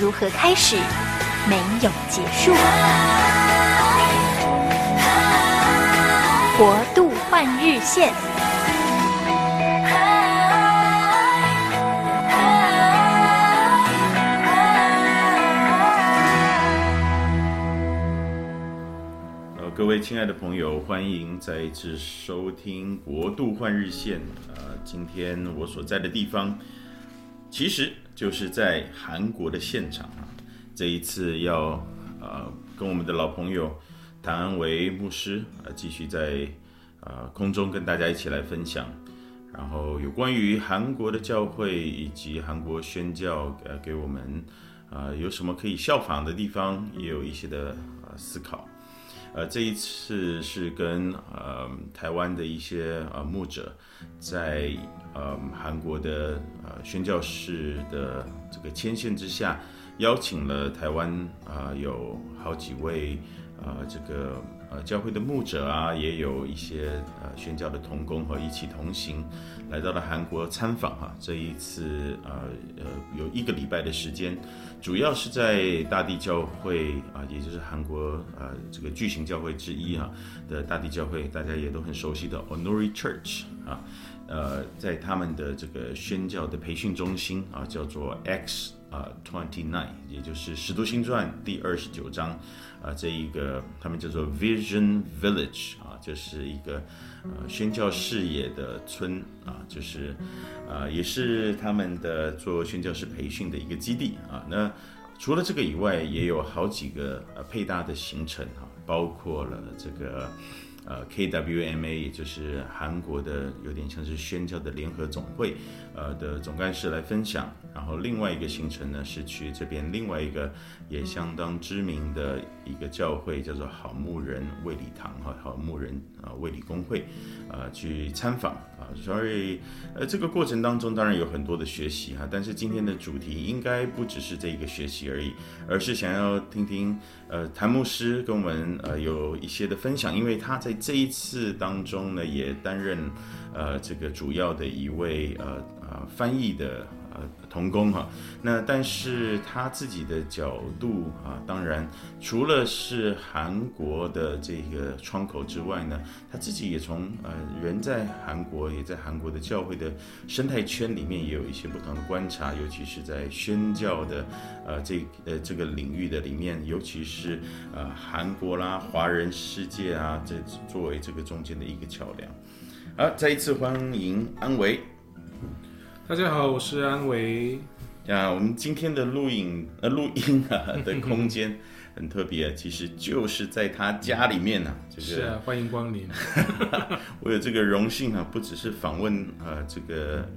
如何開始，沒有結束。國度換日線。各位親愛的朋友，歡迎再一次收聽《國度換日線》。呃，今天我所在的地方，其實。就是在韓國的現場啊，這一次要呃跟我們的老朋友譚安維牧師啊，呃，繼續在呃空中跟大家一起來分享，然後有關於韓國的教會以及韓國宣教呃給我們啊，呃，有什麼可以效仿的地方，也有一些的，呃，思考。呃，這一次是跟呃台灣的一些呃牧者在，在呃韓國的呃宣教士的這個牽線之下，邀請了台灣啊、呃、有好幾位啊、呃、這個。呃，教會的牧者啊，也有一些呃宣教的同工和一起同行，來到了韓國參訪哈、啊。這一次呃呃有一個禮拜的時間，主要是在大地教會啊、呃，也就是韓國、呃、這個巨型教會之一、啊、的大地教會，大家也都很熟悉的 Onnuri Church 啊，呃，在他們的這個宣教的培訓中心啊，叫做 Acts 啊29，也就是《使徒行傳》第二十九章。啊，這一個他們叫做 Vision Village 啊，就是一個呃宣教事業的村啊，就是啊、呃，也是他們的做宣教師培訓的一個基地啊。那除了這個以外，也有好幾個呃配搭的行程、啊、包括了這個呃 KWMA，也就是韓國的有點像是宣教的聯合總會。呃的總幹事來分享，然後另外一個行程呢，是去這邊另外一個也相當知名的一個教會，叫做好牧人衛理堂哈，好牧人啊衛理公會，啊、呃、去參訪啊，sorry，呃這個過程當中當然有很多的學習哈，但是今天的主題應該不只是這一個學習而已，而是想要聽聽呃譚牧師跟我們呃有一些的分享，因為他在這一次當中呢也擔任。呃，這個主要的一位呃呃翻譯的呃同工哈、啊，那但是他自己的角度啊、呃，當然除了是韓國的這個窗口之外呢，他自己也從呃人在韓國也在韓國的教會的生態圈裡面也有一些不同的觀察，尤其是在宣教的呃這呃這個領域的裡面，尤其是呃韓國啦華人世界啊，這作為這個中間的一個橋梁。好，再一次歡迎安維。大家好，我是安維。啊，我們今天的錄影呃錄音、啊、的空間很特別， 其實就是在他家裡面呢、啊，就是。是啊，歡迎光臨。 我有這個榮幸啊，不只是訪問啊這個。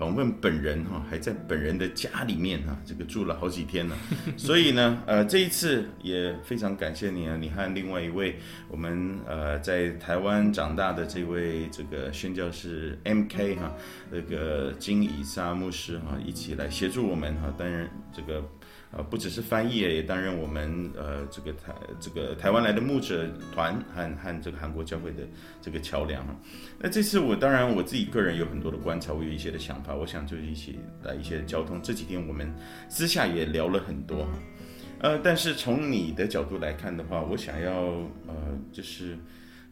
訪問本人哈還在本人的家裡面哈，這個住了好幾天了， 所以呢，呃，這一次也非常感謝你啊，你和另外一位我們呃在台灣長大的這位這個宣教士 MK 哈、啊，那、這個金以撒牧師哈、啊、一起來協助我們哈，擔、啊、任這個。啊、呃，不只是翻譯，也擔任我們呃這個台這個台灣來的牧者團和和這個韓國教會的這個橋梁。那這次我當然我自己個人有很多的觀察，我有一些的想法，我想就是一起來一些交通。這幾天我們私下也聊了很多，呃，但是從你的角度來看的話，我想要呃就是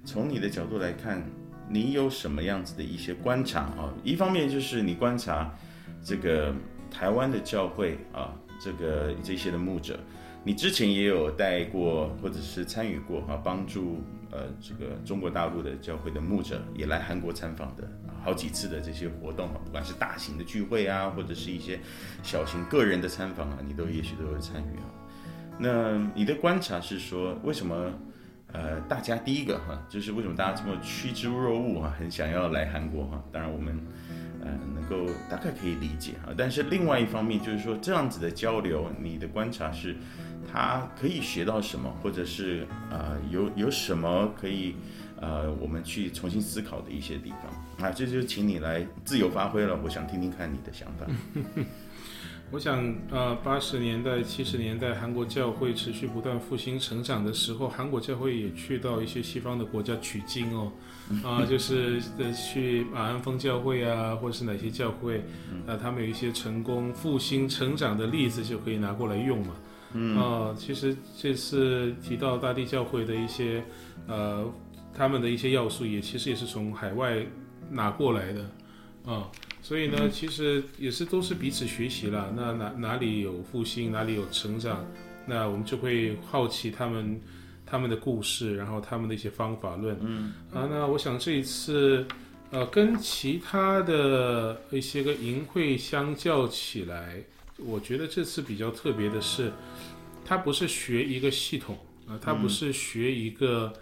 從你的角度來看，你有什麼樣子的一些觀察啊？一方面就是你觀察這個台灣的教會啊。這個這些的牧者，你之前也有帶過或者是參與過哈，幫助呃這個中國大陸的教會的牧者也來韓國參訪的好幾次的這些活動哈，不管是大型的聚會啊，或者是一些小型個人的參訪啊，你都也許都有參與啊。那你的觀察是說，為什麼呃大家第一個哈，就是為什麼大家這麼趨之若鶩哈，很想要來韓國哈？當然我們。呃，能夠大概可以理解啊，但是另外一方面就是說，這樣子的交流，你的觀察是，他可以學到什麼，或者是呃，有有什麼可以呃，我們去重新思考的一些地方啊，這就請你來自由發揮了，我想聽聽看你的想法。 我想呃，八十年代、七十年代，韓國教會持續不斷復興成長的時候，韓國教會也去到一些西方的國家取經哦，啊、呃，就是呃去馬鞍峰教會啊，或者是哪些教會啊、呃，他們有一些成功復興成長的例子就可以拿過來用嘛。啊、呃，其實這次提到大地教會的一些呃他們的一些要素也，也其實也是從海外拿過來的。嗯、哦，所以呢，其實也是都是彼此學習了。那哪哪裡有復興，哪裡有成長，那我們就會好奇他們，他們的故事，然後他們的一些方法論。嗯，啊，那我想這一次，呃，跟其他的一些個營會相較起來，我覺得這次比較特別的是，他不是學一個系統，啊、呃，他不是學一個，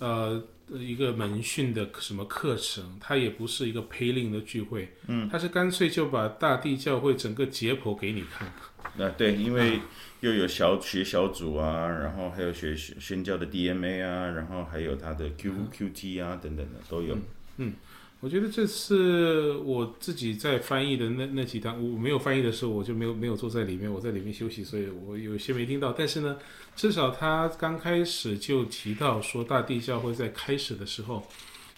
嗯、呃。一個門訓的什麼課程，它也不是一個培靈的聚會，嗯，它是乾脆就把大地教會整個解剖給你看，看。那，啊，對，因為又有小學小組啊，然後還有學，學宣教的 DMA 啊，然後還有他的 QQT 啊，啊，等等的都有，嗯。嗯。我覺得這次我自己在翻譯的那那幾段，我沒有翻譯的時候，我就沒有沒有坐在裡面，我在裡面休息，所以我有些沒聽到。但是呢，至少他剛開始就提到說，大地教會在開始的時候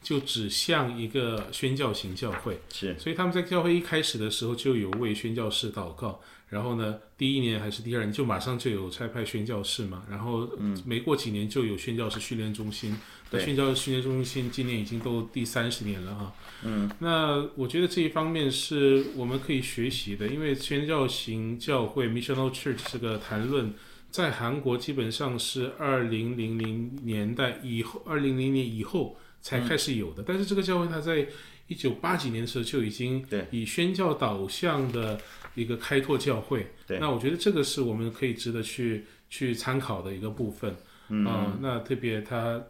就指向一個宣教型教會，是，所以他們在教會一開始的時候就有為宣教士禱告。然後呢，第一年還是第二年，就馬上就有差派宣教士嘛。然後、嗯、沒過幾年就有宣教士訓練中心。那對宣教士訓練中心今年已經都第三十年了啊。嗯，那我覺得這一方面是我們可以學習的，因為宣教型教會 （missional、嗯、church） 這個談論，在韓國基本上是二零零零年代以後，二零零零年以後才開始有的。嗯、但是這個教會它在一九八幾年的時候就已經以宣教導向的一個開拓教會，對。那我覺得這個是我們可以值得去去參考的一個部分啊、呃。嗯嗯、那特別他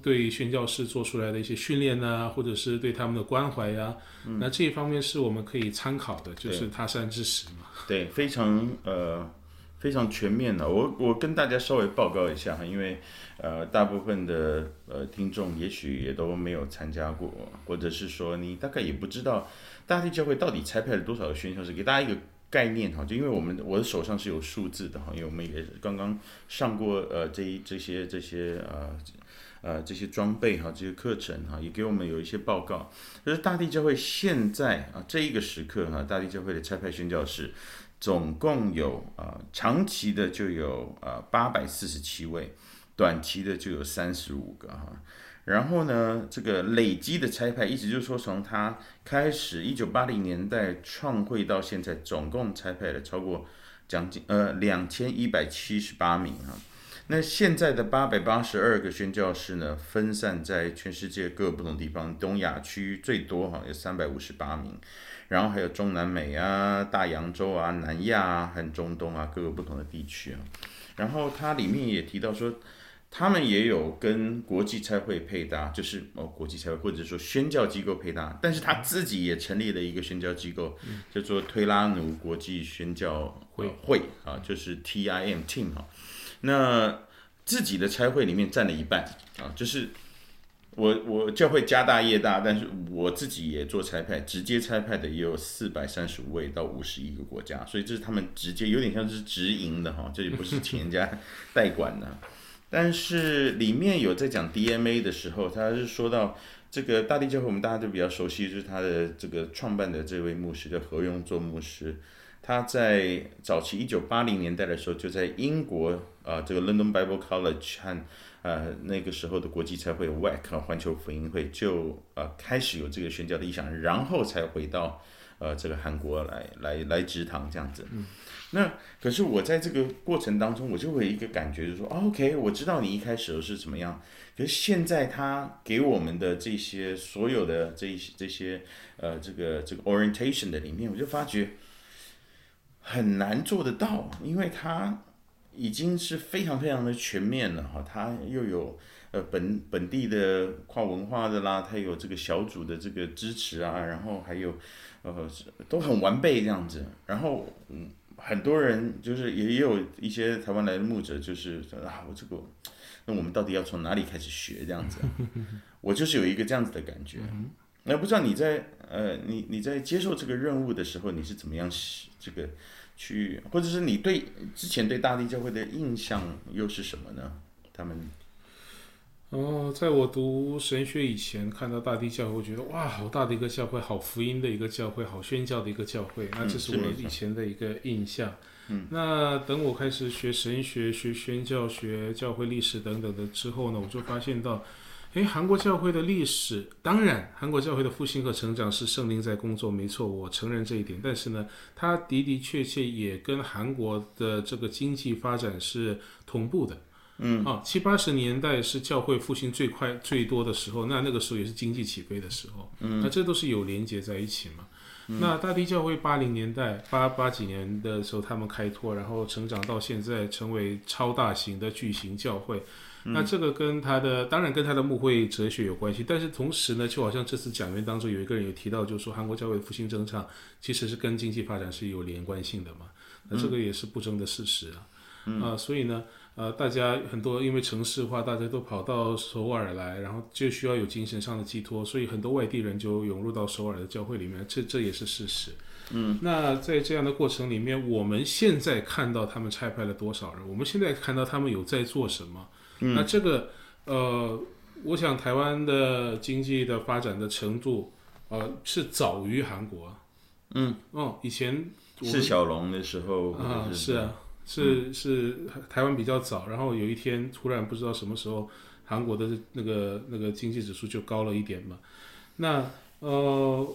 對宣教士做出來的一些訓練啊，或者是對他們的關懷呀，那這一方面是我們可以參考的，就是他山之石嘛。對，嗯、非常呃。非常全面的、啊，我我跟大家稍微報告一下哈，因為呃大部分的呃聽眾也許也都沒有參加過，或者是說你大概也不知道大地教會到底差派了多少個宣教士，給大家一個概念哈。就因為我們我的手上是有數字的哈，因為我們也剛剛上過呃這一這些這些呃這呃這些裝備哈，這些課程哈，也給我們有一些報告。就是大地教會現在啊這一個時刻哈、啊，大地教會的差派宣教士，總共有啊、呃，長期的就有啊八百四十七位，短期的就有三十五個哈。然後呢，這個累積的差派，意思就是說，從他開始一九八零年代創會到現在，總共差派了超過將近呃兩千一百七十八名哈。那現在的八百八十二個宣教士呢，分散在全世界各不同地方，東亞區最多哈，有三百五十八名。然後還有中南美啊、大洋洲啊、南亞啊、還有中東啊，各個不同的地區啊。然後他裡面也提到說，他們也有跟國際差會配搭，就是哦，國際差會或者說宣教機構配搭。但是他自己也成立了一個宣教機構，嗯、叫做推喇奴國際宣教會，、嗯呃、會啊，就是 T I M Team 哈、啊。那自己的差會裡面佔了一半啊，就是。我我教會家大業大，但是我自己也做差派，直接差派的也有四百三十五位到五十一個國家，所以這是他們直接有點像是直營的哈，這裡不是請人家代管的。 但是裡面有在講 DNA 的時候，他是說到這個大地教會，我們大家都比較熟悉，就是他的這個創辦的這位牧師叫河用祚牧師，他在早期一九八零年代的時候就在英國啊、呃，這個 London Bible College 呃，那個時候的國際才會外看環球福音會就呃開始有這個宣教的意向，然後才回到呃這個韓國來來來植堂這樣子。嗯、那可是我在這個過程當中，我就會有一個感覺，就是說、哦、，OK，我知道你一開始是怎麼樣，可是現在他給我們的這些所有的這些這些呃這個這個 orientation 的裡面，我就發覺很難做得到，因為他。已經是非常非常的全面了哈，它又有呃本本地的跨文化的啦，它有這個小組的這個支持啊，然後還有呃都很完備這樣子，然後很多人就是也也有一些台灣來的牧者就是啊我這個那我們到底要從哪裡開始學這樣子，我就是有一個這樣子的感覺，那、呃、不知道你在呃你你在接受這個任務的時候你是怎麼樣這個？去，或者是你對之前對大地教會的印象又是什麼呢？他們哦，在我讀神學以前，看到大地教會，我覺得哇，好大的一個教會，好福音的一個教會，好宣教的一個教會。那這是我以前的一個印象。嗯，那等我開始學神學、學宣教、學教會歷史等等的之後呢，我就發現到。誒，韓國教會的歷史，當然，韓國教會的復興和成長是聖靈在工作，沒錯，我承認這一點。但是呢，它的的確確也跟韓國的這個經濟發展是同步的。嗯，啊、哦，七八十年代是教會復興最快最多的時候，那那個時候也是經濟起飛的時候。嗯，那、啊、這都是有連接在一起嘛。嗯、那大地教會八零年代八八幾年的時候，他們開拓，然後成長到現在成為超大型的巨型教會。那這個跟他的、嗯、當然跟他的牧會哲學有關係，但是同時呢，就好像這次講員當中有一個人有提到，就是說韓國教會復興增長其實是跟經濟發展是有連貫性的嘛，那這個也是不爭的事實啊。嗯、啊，所以呢，呃，大家很多因為城市化，大家都跑到首爾來，然後就需要有精神上的寄托，所以很多外地人就湧入到首爾的教會裡面，這這也是事實。嗯，那在這樣的過程裡面，我們現在看到他們差派了多少人？我們現在看到他們有在做什麼？嗯、那這個，呃，我想台灣的經濟的發展的程度，呃，是早於韓國、啊。嗯哦，以前四小龍的時候、就是、啊，是啊，是、嗯、是，是台灣比較早，然後有一天突然不知道什麼時候，韓國的那個那個經濟指數就高了一點嘛。那呃，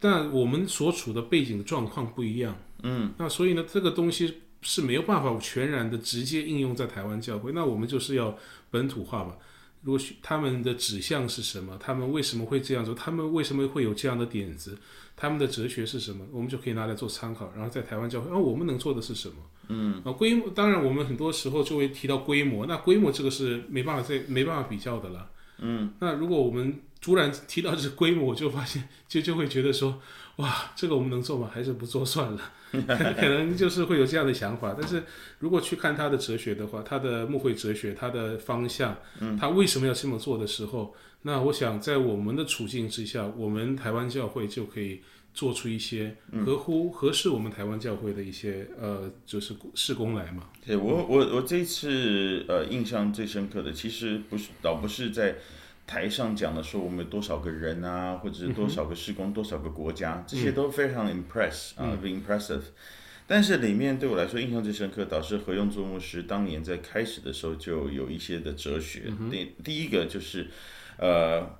但我們所處的背景狀況不一樣。嗯，那所以呢，這個東西。是沒有辦法全然的直接應用在台灣教會，那我們就是要本土化嘛。如果他們的指向是什麼，他們為什麼會這樣做，他們為什麼會有這樣的點子，他們的哲學是什麼，我們就可以拿來做參考，然後在台灣教會，啊、哦，我們能做的是什麼？嗯，啊，規模，當然我們很多時候就會提到規模，那規模這個是沒辦法再沒辦法比較的了。嗯，那如果我們突然提到這個規模，我就發現就就會覺得說，哇，這個我們能做嗎？還是不做算了。 可能就是會有這樣的想法，但是如果去看他的哲學的話，他的牧會哲學，他的方向，他為什麼要這麼做的時候，嗯、那我想在我們的處境之下，我們台灣教會就可以做出一些合乎、嗯、合適我們台灣教會的一些呃，就是事工來嘛。對，我我我這次呃印象最深刻的，其實不是倒不是在，台上講的說，我們有多少個人啊，或者是多少個事工，uh huh. 多少個國家，這些都非常 impress 啊，very impressive。但是裡面對我來說印象最深刻，導致河用祚牧師當年在開始的時候就有一些的哲學。第、uh huh. 第一個就是，呃，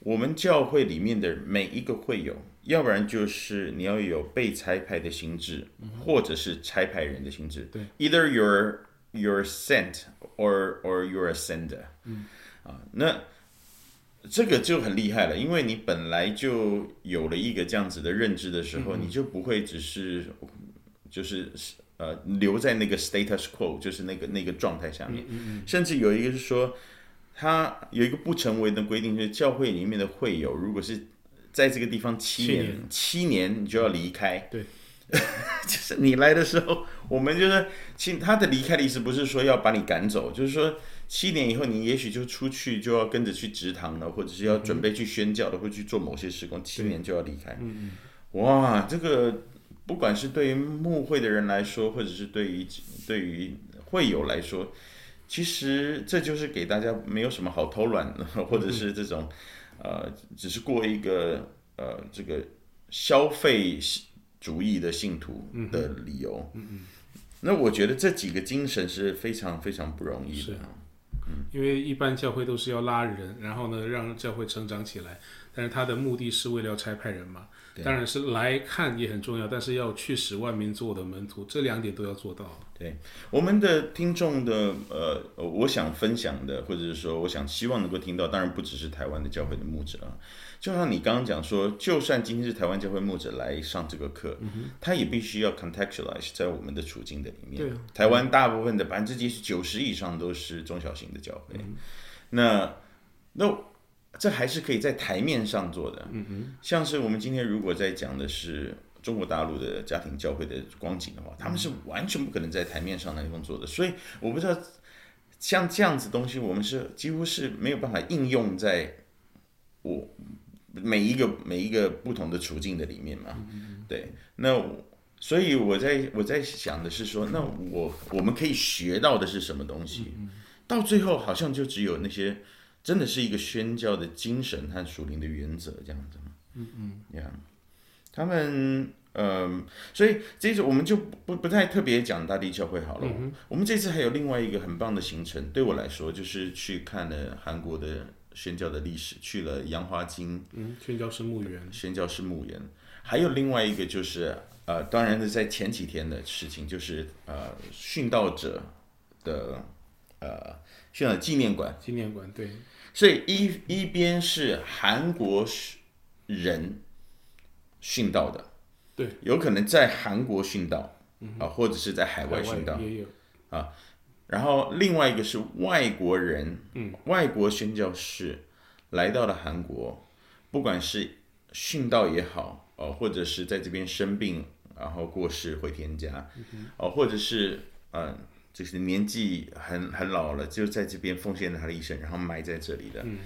我們教會裡面的每一個會有，要不然就是你要有被差派的心志，uh huh. 或者是差派人的心志對、uh huh.，either you're you're sent or or you're a sender、uh。嗯，啊，那。這個就很厲害了，因為你本來就有了一個這樣子的認知的時候，嗯嗯，你就不會只是就是呃留在那個 status quo，就是那個那個狀態下面。嗯嗯嗯，甚至有一個是說，他有一個不成文的規定，就是教會裡面的會友，如果是在這個地方七年七年，七年你就要離開。對， 就是你來的時候，我們就是其他的離開的意思，不是說要把你趕走，就是說。七年以後，你也許就出去，就要跟着去植堂了，或者是要準備去宣教的，或者去做某些事工。嗯、七年就要離開，嗯、哇，這個不管是對於牧會的人來說，或者是對於對於會友來說，其實這就是給大家沒有什麼好偷懶的，或者是這種、嗯、呃，只是過一個呃，這個消費主義的信徒的理由。嗯嗯、那我覺得這幾個精神是非常非常不容易的。因為一般教會都是要拉人，然後呢，讓教會成長起來，但是他的目的是為了要差派人嘛。對當然是來看也很重要，但是要去使萬民作我的門徒，這兩點都要做到。對我們的聽眾的呃，我想分享的，或者是說我想希望能夠聽到，當然不只是台灣的教會的牧者啊。就像你剛剛講說，就算今天是台灣教會牧者來上這個課，嗯、哼他也必須要 contextualize 在我們的處境的裡面。對啊、台灣大部分的百分之幾十、九十以上都是中小型的教會，那、嗯、哼那。No, 這還是可以在台面上做的，像是我們今天如果在講的是中國大陸的家庭教會的光景的話，他們是完全不可能在台面上來工作的。所以我不知道，像這樣子東西，我們是幾乎是沒有辦法應用在我每一個每一個不同的處境的裡面嘛？對，那所以我在我在想的是說，那我我們可以學到的是什麼東西？到最後好像就只有那些。真的是一個宣教的精神和屬靈的原則這樣子。嗯嗯，這樣，他們嗯、呃，所以這次我們就不不太特別講大地教會好了。嗯、哼我們這次還有另外一個很棒的行程，對我來說就是去看了韓國的宣教的歷史，去了楊花津，嗯，宣教士墓園，宣教士墓園。還有另外一個就是呃，當然是在前幾天的事情，就是呃，殉道者的呃殉道紀念館。呃嗯、紀念館，對。所以一一邊是韓國人殉道的，對，有可能在韓國殉道啊，嗯、哼或者是在海外殉道，海外也有啊。然後另外一個是外國人，嗯，外國宣教士來到了韓國，不管是殉道也好，哦、呃，或者是在這邊生病然後過世回天家，哦、嗯哼呃，或者是嗯。呃就是年紀很很老了，就在這邊奉獻了他的一生，然後埋在這裡的。嗯，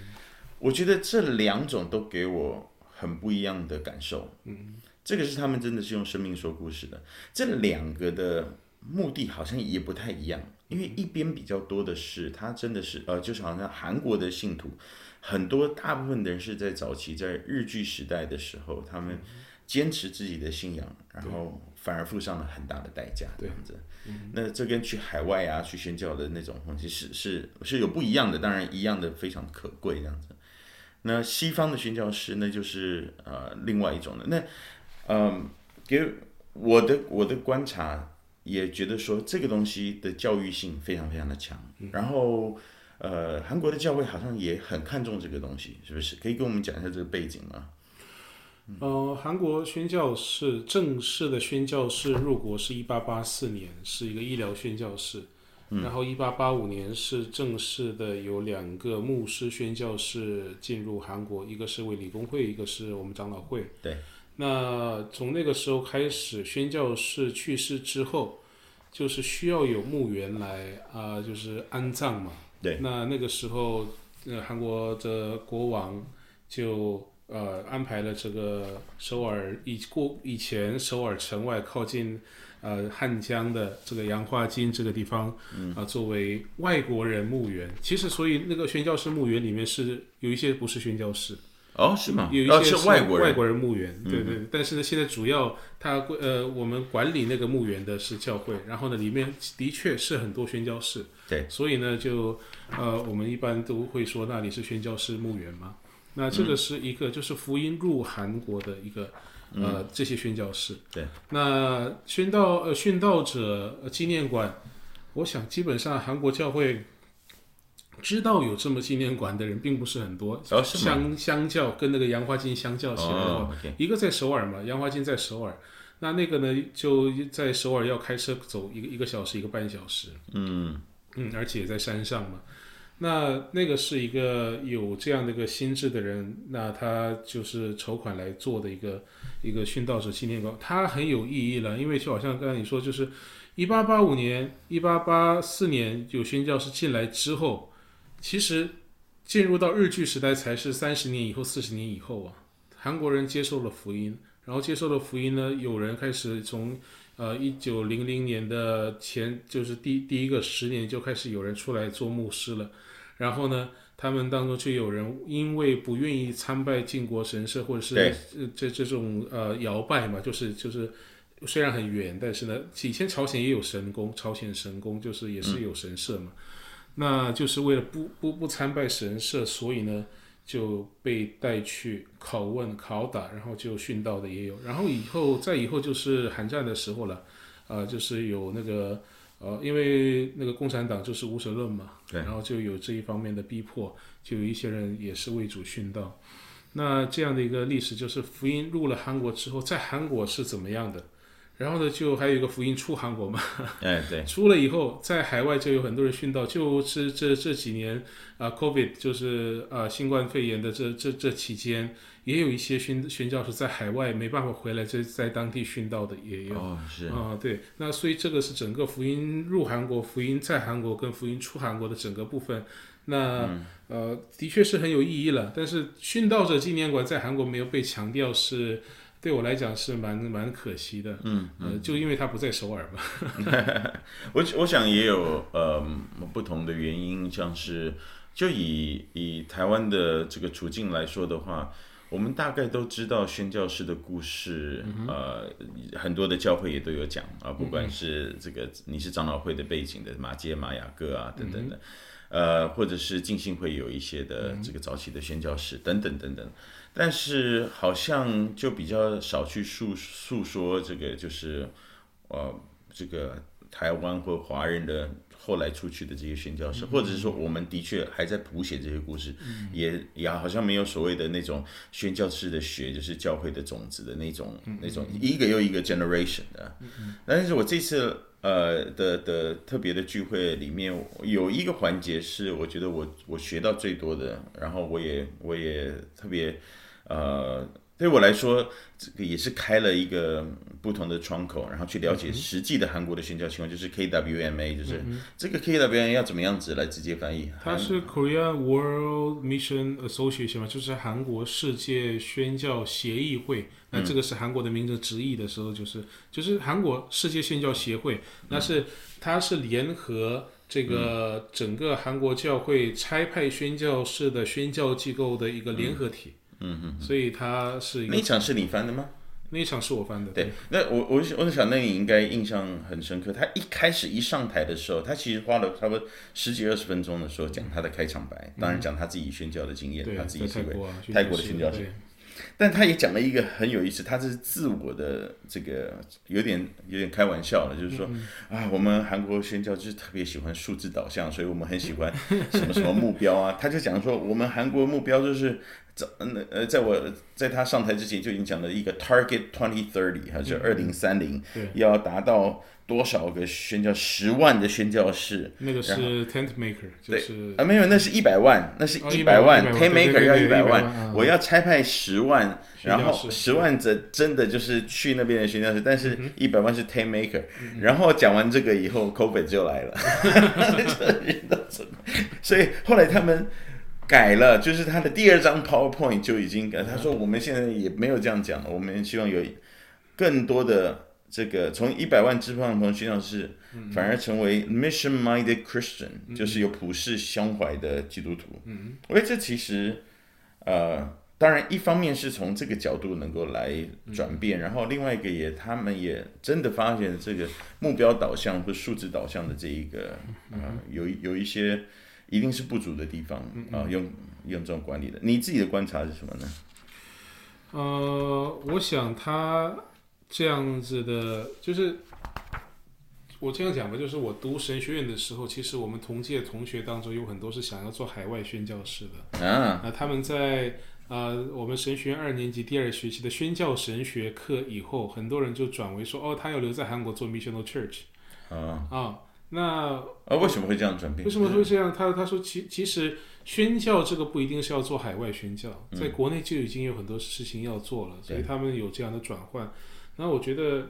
我覺得這兩種都給我很不一樣的感受。嗯，這個是他們真的是用生命說故事的。這兩個的目的好像也不太一樣，因為一邊比較多的是他真的是呃，就是好像韓國的信徒，很多大部分的人是在早期在日據時代的時候，他們。堅持自己的信仰，然後反而付上了很大的代價，這樣子。對那這跟去海外啊，去宣教的那種東西，其實是是是有不一樣的。當然，一樣的非常可貴，這樣子。那西方的宣教師，那就是呃另外一種的。那嗯、呃，給我的我的觀察也覺得說，這個東西的教育性非常非常的強。然後，呃，韓國的教會好像也很看重這個東西，是不是？可以跟我們講一下這個背景嗎？呃，韓國宣教士，正式的宣教士入國是一八八四年，是一個醫療宣教士。然後一八八五年是正式的有兩個牧師宣教士進入韓國，一個是衛理公會，一個是我們長老會。對，那從那個時候開始，宣教士去世之後，就是需要有墓園來啊、呃，就是安葬嘛。對，那那個時候，呃，韓國的國王就。呃，安排了這個首爾以過以前首爾城外靠近呃漢江的這個楊花津這個地方啊、嗯呃，作為外國人墓園。其實，所以那個宣教士墓園裡面是有一些不是宣教士哦，是嗎？有一些是，外，、哦、是外，國外國人墓園，對對。嗯、哼但是呢，現在主要他呃，我們管理那個墓園的是教會。然後呢，裡面的確是很多宣教士。對。所以呢，就呃，我們一般都會說那裡是宣教士墓園嗎？那這個是一個，就是福音入韓國的一個，呃，這些宣教士，嗯嗯。對，那殉道呃殉道者，呃、紀念館，我想基本上韓國教會知道有這麼紀念館的人並不是很多。哦，相相較跟那個楊花津相較起來，oh, okay. 一個在首爾嘛，楊花津在首爾，那那個呢就在首爾要開車走一個一個小時一個半小時。嗯嗯，而且在山上嘛。那那個是一個有這樣的一個心智的人，那他就是籌款來做的一個一個殉道者紀念館，他很有意義了，因為就好像剛才你說，就是一八八五年，一八八四年有宣教士進來之後，其實進入到日據時代才是三十年以後，四十年以後啊。韓國人接受了福音，然後接受了福音呢，有人開始從。呃，一九零零年的前就是第第一個十年就開始有人出來做牧師了，然後呢，他們當中就有人因為不願意參拜靖國神社或者是這、嗯、這種呃遙拜嘛，就是就是雖然很遠，但是呢，以前朝鮮也有神宮，朝鮮神宮就是也是有神社嘛，嗯、那就是為了不不不參拜神社，所以呢。就被帶去拷問、拷打，然後就殉道的也有。然後以後再以後就是韓戰的時候了，啊，就是有那個，呃，因為那個共產黨就是無神論嘛，對，然後就有這一方面的逼迫，就有一些人也是為主殉道。對。那這樣的一個歷史，就是福音入了韓國之後，在韓國是怎麼樣的？然後呢，就還有一個福音出韓國嘛。哎，對。出了以後，在海外就有很多人殉道。就這這這幾年啊，COVID 就是啊，新冠肺炎的這這這期間，也有一些宣宣教士在海外沒辦法回來，這在當地殉道的也有。哦，是。啊，對。那所以這個是整個福音入韓國、福音在韓國跟福音出韓國的整個部分，那、嗯、呃，的確是很有意義了。但是殉道者紀念館在韓國沒有被強調是。對我來講是蠻蠻可惜的。嗯、嗯、呃，就因為他不在首爾嘛。 我我想也有呃不同的原因，像是就以以台灣的這個處境來說的話，我們大概都知道宣教士的故事，嗯、哼呃，很多的教會也都有講啊，不管是這個你是長老會的背景的馬偕馬雅各啊等等的，嗯、哼呃，或者是浸信會有一些的這個早期的宣教士，嗯、哼等等等等。但是好像就比較少去訴訴說這個就是，呃，這個台灣或華人的後來出去的這些宣教士，嗯嗯，或者是說我們的確還在譜寫這些故事，嗯嗯，也也好像沒有所謂的那種宣教士的血，就是教會的種子的那種嗯嗯，那種一個又一個 generation 的。嗯嗯，但是我這次呃的的的特別的聚會裡面有一個環節是我覺得我我學到最多的，然後我也我也特別。呃，對我來說，這個也是開了一個不同的窗口，然後去了解實際的韓國的宣教情況，嗯、就是 K W M A，就是、嗯嗯、這個 K W M A 要怎麼樣子來直接翻譯？它是 Korea World Mission Association 嘛韓，就是韓國世界宣教協議會。嗯、那這個是韓國的名字，直譯的時候，就是就是韓國世界宣教協會，嗯、那是它是聯合這個整個韓國教會差派宣教士的宣教機構的一個聯合體。嗯嗯嗯哼，所以他是一那一場是你翻的嗎？那一場是我翻的。對，對那我我我就想，那你應該印象很深刻。他一開始一上台的時候，他其實花了差不多十幾二十分鐘的時候講他的開場白，嗯、當然講他自己宣教的經驗，對他自己是一位，泰國，啊、泰國的宣教界。對對但他也講了一個很有意思，他是自我的這個有點有點開玩笑了。就是說嗯嗯啊，我們韓國宣教就是特別喜歡數字導向，所以我們很喜歡什麼什麼目標啊。 他就講說，我們韓國目標就是。在那呃，在我在他上台之前就已經講了一個 target twenty thirty 哈，就二零三零，要達到多少個宣教十萬的宣教士，那個是 tent maker，對啊，沒有，那是一百萬，那是一百萬 tent maker 要一百萬，我要差派十萬，然後十萬則真的就是去那邊的宣教士，但是一百萬是 tent maker，然後講完這個以後，COVID 就來了，所以後來他們。改了，就是他的第二張 PowerPoint 就已經改了。他說我們現在也沒有這樣講了。我們希望有更多的這個，從一百萬支派的朋友是，徐老、嗯嗯、反而成為 mission-minded Christian，嗯嗯，就是有普世胸懷的基督徒。嗯，嗯，我覺得這其實呃，當然一方面是從這個角度能夠來轉變，嗯嗯，然後另外一個也他們也真的發現這個目標導向或數字導向的這一個、呃、有有一些。一定是不足的地方啊、哦！用用這種管理的，你自己的觀察是什麼呢？呃，我想他這樣子的，就是我這樣講吧，就是我讀神學院的時候，其實我們同屆同學當中有很多是想要做海外宣教士的啊。他們在啊、呃，我們神學院二年級第二學期的宣教神學課以後，很多人就轉為說，哦，他要留在韓國做 missional church 啊啊。啊那呃、啊，為什麼會這樣轉變？為什麼會這樣？他他說其，其其實宣教這個不一定是要做海外宣教，嗯、在國內就已經有很多事情要做了，嗯、所以他們有這樣的轉換。那對我覺得，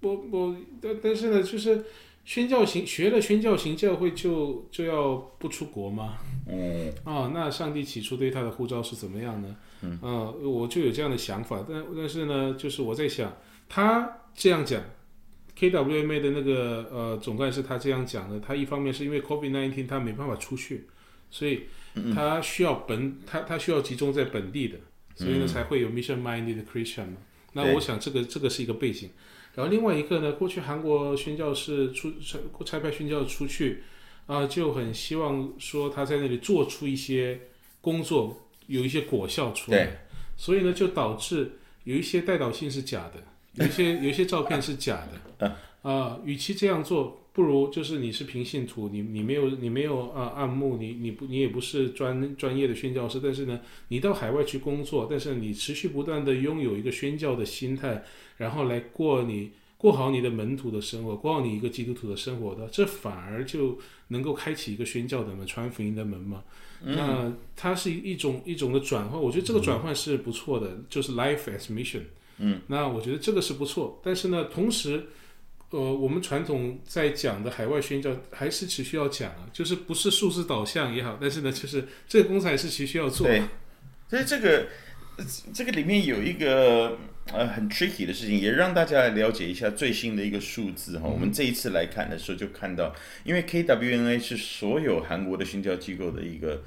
我我但但是呢，就是宣教型學了宣教型教會就就要不出國嗎？嗯、啊、哦，那上帝起初對他的呼召是怎麼樣呢？嗯、呃、我就有這樣的想法，但但是呢，就是我在想，他這樣講。KWMA 的那個呃，總幹事他這樣講的，他一方面是因為 COVID-19 他沒辦法出去，所以他需要本，嗯、他他需要集中在本地的，所以呢才會有 Mission minded Christian 嘛。嗯、那我想這個這個是一個背景。對然後另外一個呢，過去韓國宣教士，出差派宣教士出去啊，呃，就很希望說他在那裡做出一些工作，有一些果效出來，對所以呢就導致有一些帶導性是假的。 有些有些照片是假的啊！與、 呃、其這樣做，不如就是你是平信徒，你你沒有你沒有啊、呃、按牧，你你不你也不是專專業的宣教士，但是呢，你到海外去工作，但是你持續不斷地擁有一個宣教的心態，然後來過你過好你的門徒的生活，過好你一個基督徒的生活的，這反而就能夠開啟一個宣教的門、傳福音的門嘛。那、嗯呃、它是一種一種的轉換，我覺得這個轉換是不錯的，嗯、就是 life as mission。嗯，那我覺得這個是不錯，但是呢，同時，呃，我們傳統在講的海外宣教還是持續要講啊，就是不是數字導向也好，但是呢，就是這個工作還是持續要做。對，所以這個這個裡面有一個呃很 tricky 的事情，也讓大家來了解一下最新的一個數字哈。嗯，我們這一次來看的時候，就看到，因為 KWMA 是所有韓國的宣教機構的一個。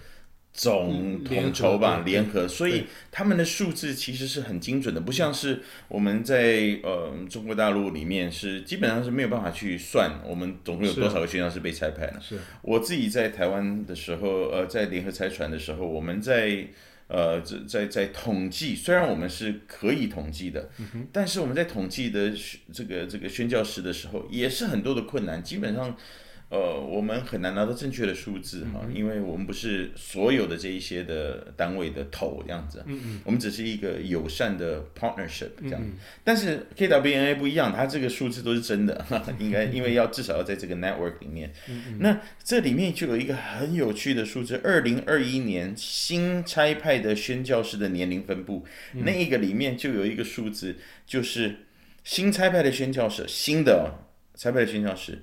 總統籌吧，聯合，所以他們的數字其實是很精準的，不像是我們在呃中國大陸裡面是基本上是沒有辦法去算我們總共有多少個宣教師被差派的。是，我自己在台灣的時候，呃，在聯合差傳的時候，我們在呃在在，在統計，雖然我們是可以統計的，但是我們在統計的這個這個宣教師的時候也是很多的困難，基本上。呃，我們很難拿到正確的數字哈，嗯嗯，因為我們不是所有的這一些的單位的頭這樣子，嗯嗯，我們只是一個友善的 partnership 這樣，嗯嗯，但是 KWMA 不一樣，它這個數字都是真的， 應該因為要至少要在這個 network 裡面，嗯嗯，那這裡面就有一個很有趣的數字，二零二一年新差派的宣教師的年齡分布，嗯嗯，那一個裡面就有一個數字，就是新差派的宣教師，新的、哦、差派的宣教師。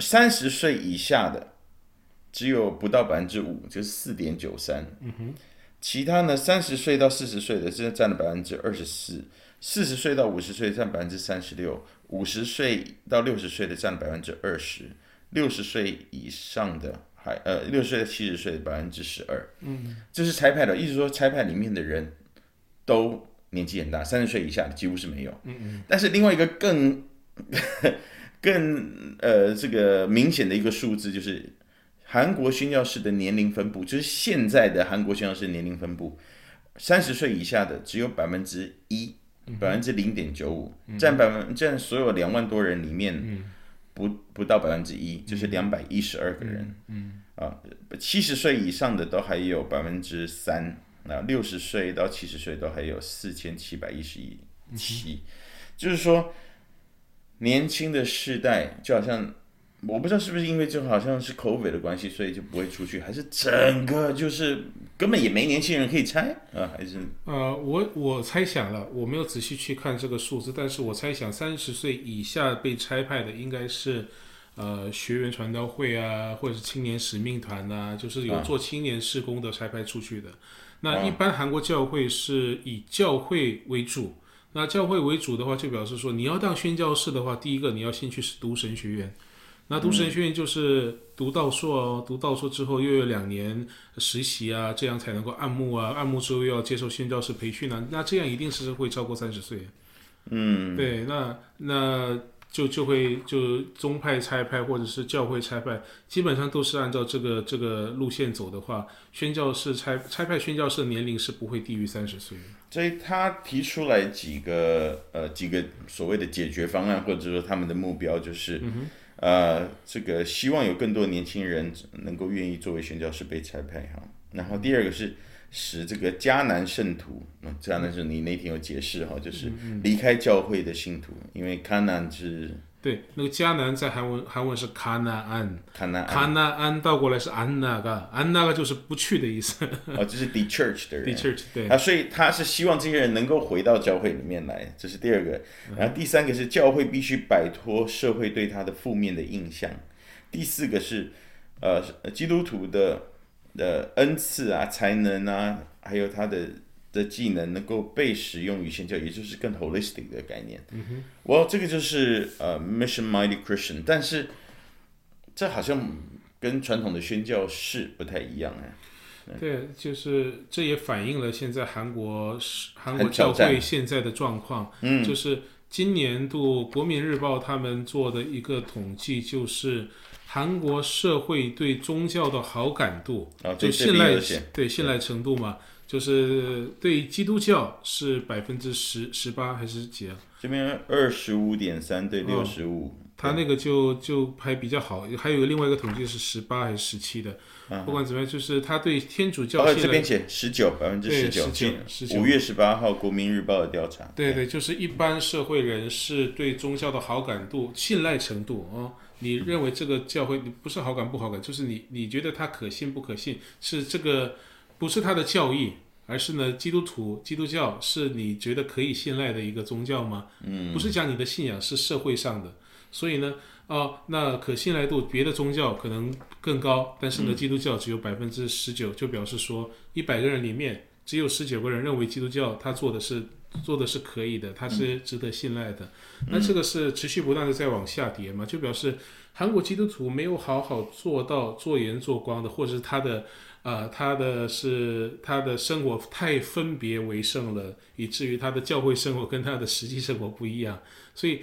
三十歲以下的只有不到百分之五，就是四點九三。嗯、哼其他呢？三十歲到四十歲的佔了百分之二十四，四十歲到五十歲佔百分之三十六，五十歲到六十歲的佔百分之二十，六十歲以上的還呃六十歲到七十歲的，百分之十二。這是差派的意思，說差派裡面的人都年紀很大，三十歲以下的幾乎是沒有。嗯嗯，但是另外一個更。 更呃，這個明顯的一個數字就是，韓國宣教士的年齡分布，就是現在的韓國宣教士年齡分布，三十歲以下的只有百分之一，百分之零點九五，嗯、哼佔百分佔所有兩萬多人裡面不、嗯，不，不不到百分之一，就是兩百一十二個人，嗯嗯嗯、啊，七十歲以上的都還有百分之三，那六十歲到七十歲都還有四千七百一十一七，就是說。年輕的世代就好像，我不知道是不是因為就好像是 COVID 的關係，所以就不會出去，還是整個就是根本也沒年輕人可以差啊？還是呃，我我猜想了，我沒有仔細去看這個數字，但是我猜想三十歲以下被差派的應該是，呃，學園傳道會啊，或者是青年使命團吶、啊，就是有做青年事工的差派出去的。啊、那一般韓國教會是以教會為主。那教會為主的話，就表示說，你要當宣教士的話，第一個你要先去讀神學院，那讀神學院就是讀道碩哦，讀道碩之後又有兩年實習啊，這樣才能夠按牧啊，按牧之後又要接受宣教士培訓呢、啊，那這樣一定是會超過三十歲。嗯，對，那那。就就會就宗派差派或者是教會差派，基本上都是按照這個這個路線走的話，宣教士，差差派宣教士的年齡是不會低於三十歲的。所以他提出來幾個呃幾個所謂的解決方案，或者說他們的目標就是，嗯、哼呃這個希望有更多年輕人能夠願意作為宣教士被差派哈。然後第二個是。使這個迦南聖徒，嗯，迦南是，你那天有解釋哈，就是離開教會的信徒，嗯、因為迦南 an 是，對，那個迦南在韓文，韓文是卡南安，卡南安倒過來是安那個，安那個就是不去的意思，啊、哦，就是離 church 的人，離 church，對，啊，所以他是希望這些人能夠回到教會裡面來，這是第二個，然後第三個是教會必須擺脫社會對他的負面的印象，第四個是，呃，基督徒的。的恩賜啊，才能啊，還有他的的技能，能夠被使用於宣教，也就是更 holistic 的概念。嗯哼，Well，這個就是呃 mission-minded Christian，但是這好像跟傳統的宣教是不太一樣哎、啊。嗯、對，就是這也反映了現在韓國韓國教會現在的狀況。嗯，就是今年度《國民日報》他們做的一個統計就是。韓國社會對宗教的好感度，就信賴對信賴程度嘛，就是對基督教是百分之十十八還是幾啊？這邊二十五點三對六十五，他那個就就還比較好，還有另外一個統計是十八還是十七的，不管怎麼樣，就是他對天主教的、哦、這邊寫十九百分之十九，五月十八號《國民日報》的調查，對對，對，就是一般社會人士對宗教的好感度、信賴程度啊、哦。你認為這個教會，你不是好感不好感，就是你你覺得它可信不可信？是這個不是它的教義，而是呢，基督徒基督教是你覺得可以信賴的一個宗教嗎？不是講你的信仰，是社會上的，嗯，所以呢，哦，那可信賴度別的宗教可能更高，但是呢，基督教只有百分之十九，就表示說一百個人裡面只有十九個人認為基督教他做的是。做的是可以的，他是值得信賴的。那這個是持續不斷的在往下跌嘛，嗯、就表示韓國基督徒沒有好好做到做鹽做光的，或者是他的，呃，他的是他的生活太分別為聖了，以至於他的教會生活跟他的實際生活不一樣，所以。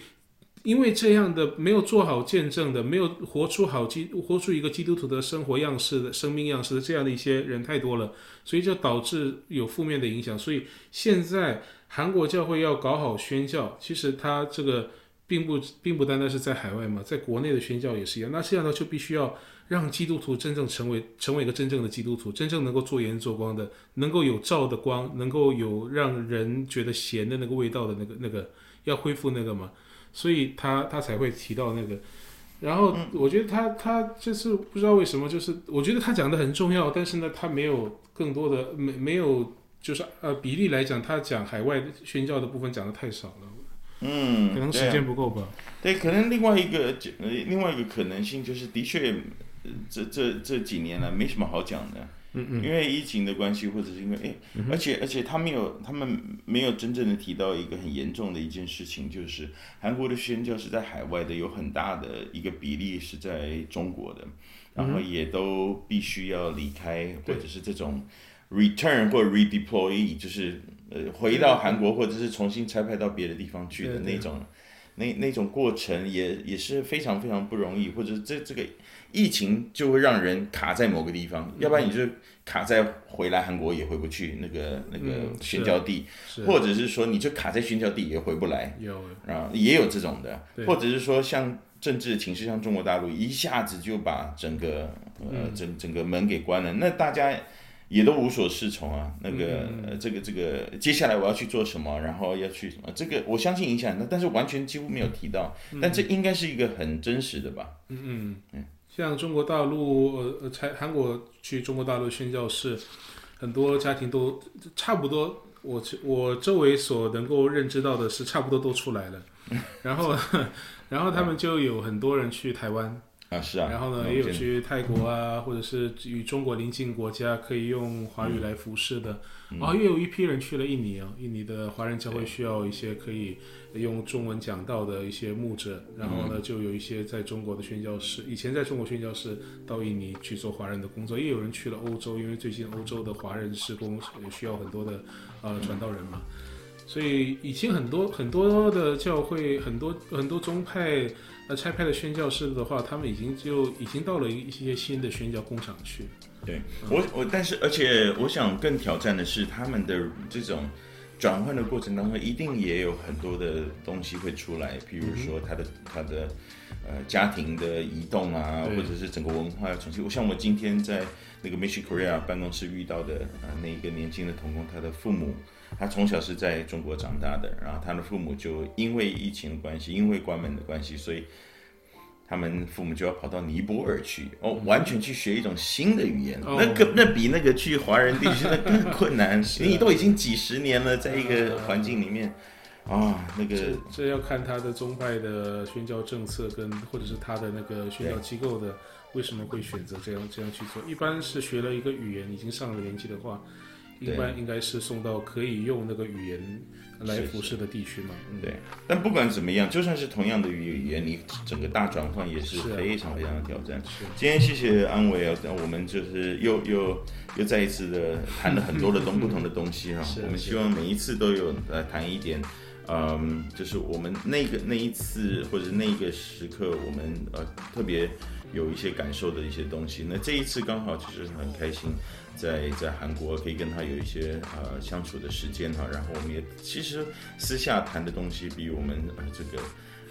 因為這樣的沒有做好見證的，沒有活出好基活出一個基督徒的生活樣式的生命樣式的，的這樣的一些人太多了，所以就導致有負面的影響。所以現在韓國教會要搞好宣教，其實它這個並不並不單單是在海外嘛，在國內的宣教也是一樣。那這樣呢，就必須要讓基督徒真正成為成為一個真正的基督徒，真正能夠做鹽做光的，能夠有照的光，能夠有讓人覺得鹹的那個味道的那個那個，要恢復那個嘛。所以他他才會提到那個，然後我覺得他、嗯、他就是不知道為什麼，就是我覺得他講的很重要，但是呢，他沒有更多的沒沒有，就是呃比例來講，他講海外宣教的部分講的太少了，嗯，可能時間不夠吧、嗯對啊。對，可能另外一個呃另外一個可能性就是，的確，呃、這這這幾年來、啊、沒什麼好講的。嗯嗯，因為疫情的關係，或者是因為、欸嗯、哼而且而且他們有他們沒有真正的提到一個很嚴重的一件事情，就是韓國的宣教士在海外的有很大的一個比例是在中國的，然後也都必須要離開、嗯、哼或者是這種，return 或 redeploy，對就是呃回到韓國或者是重新差派到別的地方去的那種。對對對那那種過程也也是非常非常不容易，或者這這個疫情就會讓人卡在某個地方，嗯、要不然你就卡在回來韓國也回不去那個那個宣教地，嗯啊啊、或者是說你就卡在宣教地也回不來，有啊也有這種的，對或者是說像政治情勢，像中國大陸一下子就把整個呃整整個門給關了，那大家。也都無所適從啊，那個這個這個，接下來我要去做什麼，然後要去什麼，這個我相信影響的，但是完全幾乎沒有提到，但這應該是一個很真實的吧？嗯嗯嗯，像中國大陸，才韓國去中國大陸宣教士，很多家庭都差不多，我我周圍所能夠認知到的是差不多都出來了，然後然後他們就有很多人去台灣。啊，是啊，然後呢，也有去泰國啊，嗯、或者是與中國鄰近國家可以用華語來服侍的，啊、嗯，又、嗯哦、有一批人去了印尼、哦，印尼的華人教會需要一些可以用中文講道的一些牧者，哎、然後呢，就有一些在中國的宣教士，嗯、以前在中國宣教士到印尼去做華人的工作，也有人去了歐洲，因為最近歐洲的華人事工需要很多的呃、嗯、傳道人嘛。所以，已經很多很多的教會，很多很多宗派，呃、啊，差派的宣教士的話，他們已經就已經到了一些新的宣教工廠去。對我，嗯、我但是而且，我想更挑戰的是，他們的這種轉換的過程當中，一定也有很多的東西會出來，譬如說他的、嗯、他的，他的呃家庭的移動啊，或者是整個文化的、啊、對新。我像我今天在那個 Mission Korea 辦公室遇到的啊、呃，那一個年輕的同工，他的父母。他從小是在中國長大的，然後他的父母就因為疫情的關係，因為關門的關係，所以他們父母就要跑到尼泊爾去哦，完全去學一種新的語言。哦、那個、那比那個去華人地區那更困難，你都已經幾十年了，在一個環境裡面啊、嗯哦，那個這要看他的宗派的宣教政策跟或者是他的那個宣教機構的對為什麼會選擇這樣這樣去做。一般是學了一個語言，已經上了年紀的話。一般對應該是送到可以用那個語言來服侍的地區嘛。對，嗯、但不管怎麼樣，就算是同樣的語言，你整個大轉換也是非常非常的挑戰。啊啊、今天謝謝安維啊，我們就是又又又再一次的談了很多的東 不同的東西哈、啊。啊、我們希望每一次都有來談一點，嗯、呃，就是我們那個那一次或者那個時刻，我們呃特別有一些感受的一些東西。那這一次剛好其實很開心。在在韓國可以跟他有一些呃相處的時間哈、啊，然後我們也其實私下談的東西比我們、呃、這個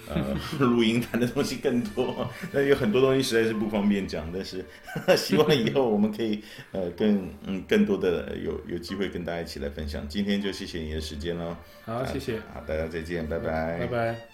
呃錄音談的東西更多，那 有很多東西實在是不方便講，但是呵呵希望以後我們可以呃更嗯更多的有有機會跟大家一起來分享。今天就謝謝你的時間了，好、呃、謝謝，好大家再見，拜拜，拜拜。拜拜